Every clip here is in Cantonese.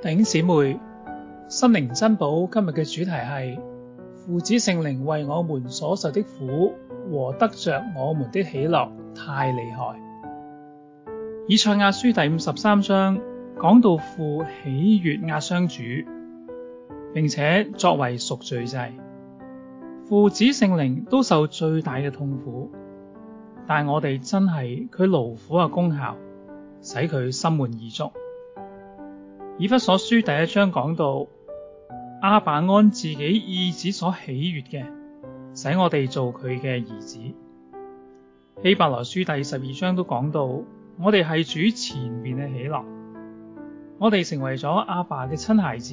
頂姊妹，心靈珍寶今日嘅主題係父子聖靈為我們所受的苦和得着我們的喜樂太厲害。以賽亞書第五十三章講到父喜悅壓傷主，並且作為贖罪祭，父子聖靈都受最大嘅痛苦，但我哋真係佢勞苦嘅功效，使佢心滿意足。以弗所書第一章講到阿爸按自己意旨所喜悦嘅，使我哋做佢嘅兒子。希伯來書第十二章都講到，我哋係主前面嘅喜樂，我哋成為咗阿爸嘅親孩子、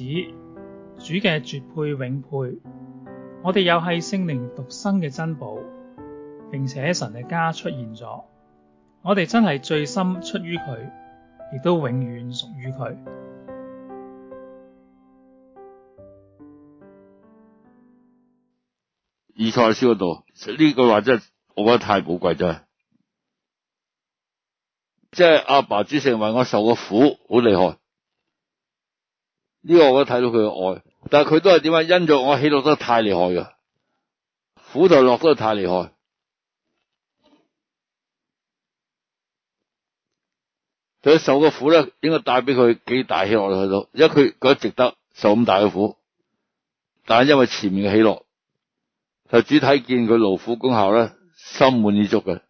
主嘅絕配永配，我哋又係聖靈獨生嘅珍寶，並且神嘅家出現咗，我哋真係最深出於佢，亦都永遠屬於佢。二賽書嗰度呢句話真係，我覺得太寶貴真係。即係阿爸主、聖靈為我受個苦好厲害，呢、這個我覺得睇到佢嘅愛。但係佢都係點啊？因咗我起落得太厲害嘅，苦頭落得太厲害。佢受個苦咧，應該帶俾佢幾大起落喺度，因為佢覺得值得受咁大嘅苦。但係因為前面嘅起落。就只睇見佢勞苦功效咧，心滿意足嘅。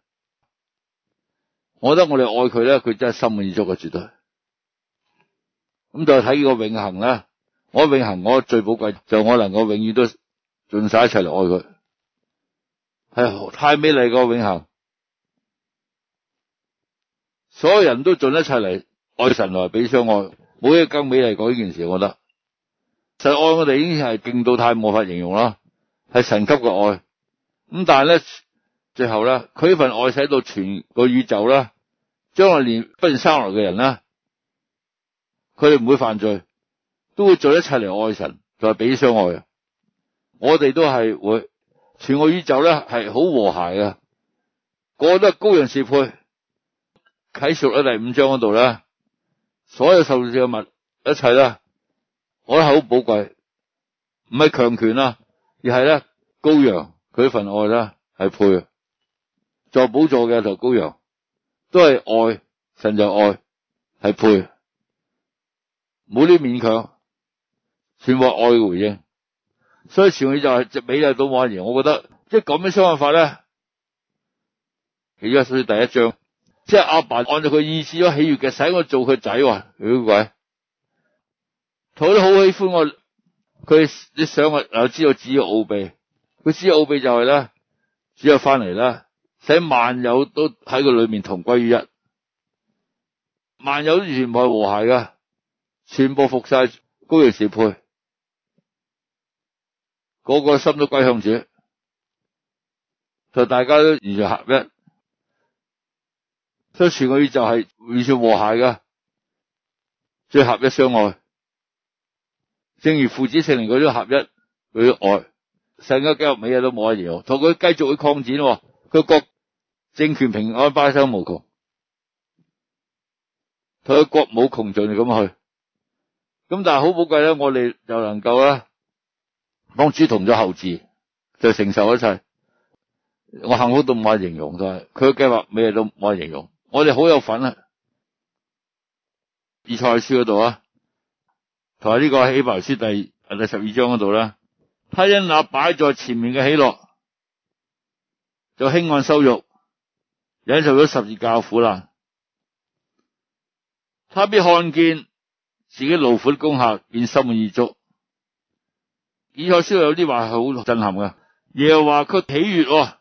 我覺得我哋愛佢咧，佢真係心滿意足嘅，絕對。咁就睇個永恒咧，我永恒，我最寶貴就我能夠永遠都盡晒一切嚟愛佢，係、哎、太美麗個永恒。所有人都盡一切嚟愛神來彼此相愛，冇嘢更美麗過呢件事，我覺得。就愛我哋已經係勁到太無法形容啦。係神給個愛，咁但係咧，最後咧，佢份愛使到全個宇宙呢，將來連不論生來嘅人呢，佢哋唔會犯罪，都會做一切嚟愛神，再彼此相愛。我哋都係會全個宇宙咧，係好和諧嘅，個個都係高人士配。啟示錄第五章嗰度咧，所有受造之物，一切呢，我都係好寶貴，唔係強權啊。而係咧，羔羊佢份愛呢，係配坐寶座嘅就羔羊，都係愛甚至愛，係配，冇啲勉強，算話愛嘅回應。所以前佢就係只尾就到晚年，我覺得即係咁樣想法咧，起家先第一章，即係阿爸按住佢意旨所喜悅嘅，使我做佢仔，你估鬼？佢都好喜歡我。佢你想啊，又知道只有奧秘，佢知有奧秘就係、是、咧，只有翻嚟啦，使萬有都喺佢裏面同歸於一，萬有都完全唔係和諧嘅，全部服晒羔羊贖配，個個心都歸向主，就大家都完全合一，所以全個宇宙係完全和諧嘅，即係合一相愛。正如父子聖靈嗰種合一，佢愛上交計劃尾嘢都冇法形容，同佢繼續去擴展，佢國政權平安百生無窮，同佢國冇窮盡咁去。咁但係好寶貴咧，我哋又能夠咧幫主同咗後嗣，就承受咗一切，我幸福到冇法形容都係，佢嘅計劃咩都冇法形容，我哋好有份啦。以賽亞書嗰度啊！同下呢個希伯來書第第十二章嗰度啦，他因那擺在前面嘅喜樂，就輕看羞辱，忍受咗十字架苦啦。他必看見自己勞苦的功效，便心滿意足。以賽亞書有啲話係好震撼嘅，又話佢喜悅、哦，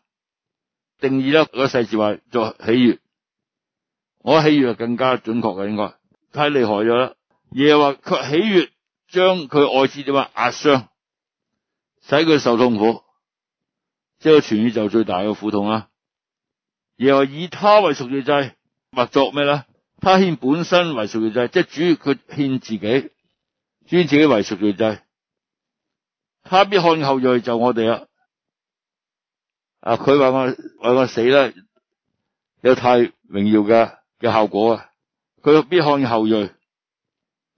定意咗個細字話作喜悅，我喜悅更加準確嘅應該，太厲害咗啦。耶話佢喜悅將佢愛子點話壓傷，使佢受痛苦，即係全宇宙最大嘅苦痛啦。耶和華以他為贖罪祭，或作咩咧？他獻本身為贖罪祭，即係主佢獻自己，主自己為贖罪祭，他必看後裔就我哋啊！啊，佢為我為我死咧，有太榮耀嘅效果啊！佢必看後裔。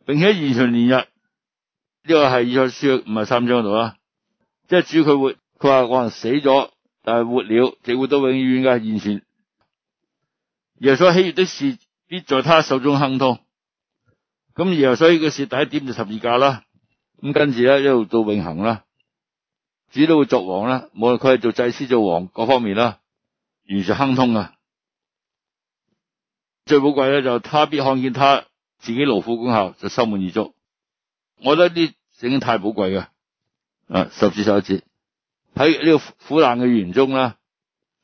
並且延長年日呢個係二書章書唔係三章度啦，即係主佢活，佢話我死咗，但係活了，就活到永遠噶。耶和華所喜悦的事，必在他手中亨通。咁耶和華所喜悦嘅事第一點就十字架啦，咁跟住咧一路到永恒啦，主都會作王啦，無論佢係做祭司做王各方面啦，完全亨通啊！最寶貴咧就是他必看見他，自己勞苦功效就心滿意足，我覺得呢啲已經太寶貴嘅，啊十至十一節喺呢個苦難嘅過程中啦，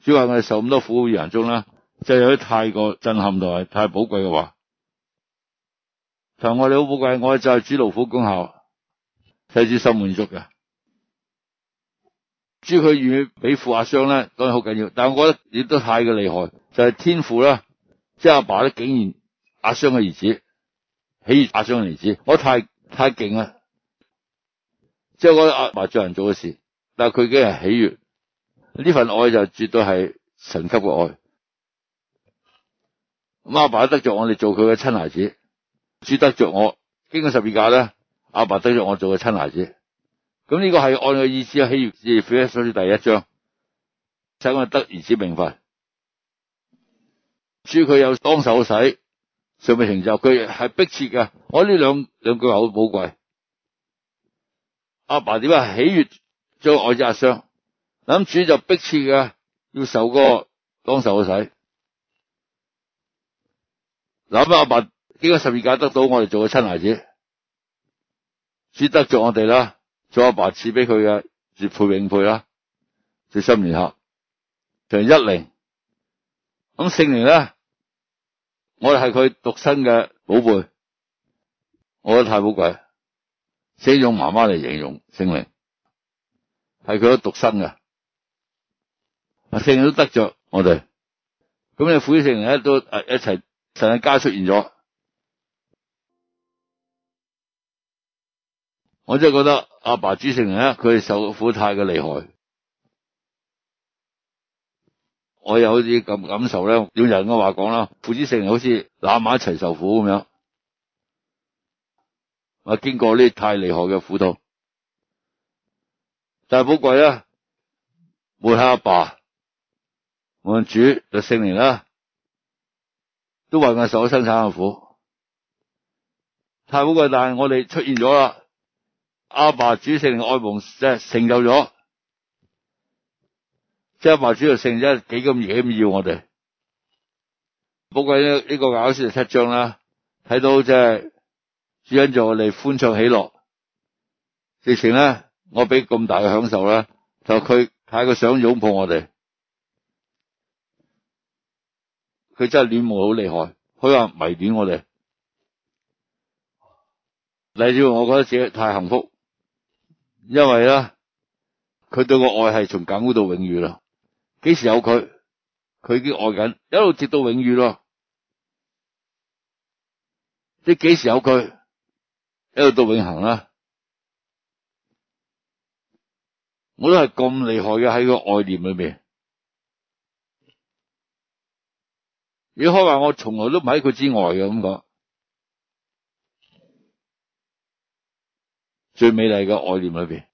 主話我哋受咁多苦難嘅人中啦，就係有啲太過震撼同埋太寶貴嘅話，同我哋好寶貴，我哋就係主勞苦功效，睇住心滿意足嘅，主佢願意俾父壓傷咧，當然好緊要，但係我覺得亦都太過厲害，就係、是、天父啦，即係阿爸咧竟然壓傷嘅兒子。喜悅打傷的兒子，我太太勁啦，即係我阿爸，爸做人做嘅事，但係佢已經係喜悅。呢份愛就絕對係神給嘅愛。咁阿爸，爸得着我哋做佢嘅親孩子，主得着我經過十字架咧，阿爸，爸得着我做佢嘅親孩子。咁呢個係按佢意思啊，喜悅。以弗所書，第一章，我得兒子名分，主佢有當手使。上未成就佢係逼切嘅，我呢兩兩句話好寶貴。阿爸點解喜悅做我子壓傷諗住就逼切嘅要受個當受嘅洗，諗阿爸經過十字架得到我哋做個親孩子，只得着我哋啦，做阿爸賜俾佢嘅絕配永配啦，最心年客，就一零咁聖靈呢。我哋係佢獨生嘅寶貝，我覺得太寶貴，四用媽媽嚟形容聖靈係佢都獨生嘅，啊，聖靈都得着我哋，咁你父子聖靈咧都一一齊神家出現咗，我真係覺得阿爸主聖靈咧，佢受苦太嘅厲害。我有啲咁感受咧，用人嘅話講啦，父子聖靈好似攬埋一齊受苦咁樣，啊經過啲太厲害嘅苦痛，太寶貴咧，沒係阿爸，我主就聖靈啦，都為我受咗生產嘅苦，太寶貴，但係我哋出現咗啦，阿爸、主、聖靈愛蒙、愛王就成就咗。即係話主要性真係幾咁熱咁要我哋，不過呢呢個搞笑嘅七張啦，睇到即係主恩助我哋歡唱喜樂，直情咧我俾咁大嘅享受啦，就佢、是、太過想擁抱我哋，佢真係戀慕我好厲害，佢話迷戀我哋，例如我覺得自己太幸福，因為咧佢對個愛係從亙古到永遠啦。幾時有佢？佢已經愛緊，一路直到永遠咯。你幾時有佢？一路到永恆啦。我都係咁厲害嘅喺個愛念裏邊。如果可以話我從來都唔喺佢之外嘅咁講，最美麗嘅愛念裏邊。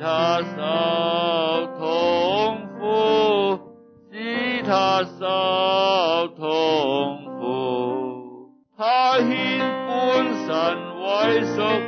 他受痛苦，使他受痛苦，他獻本身為贖罪祭。